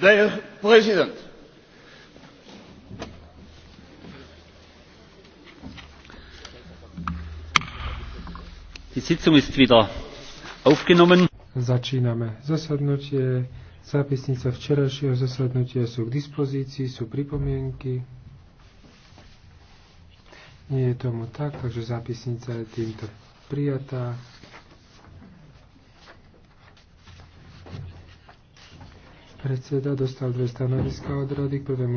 Dear President, Die Sitzung ist wieder aufgenommen. Začíname zasadnutie. Zápisnice včerajšieho zasadnutia sú k dispozícii, sú pripomienky. Nie je tomu tak, takže zápisnica je týmto prijatá. Predseda dostal dve stanoviska od rady k prvému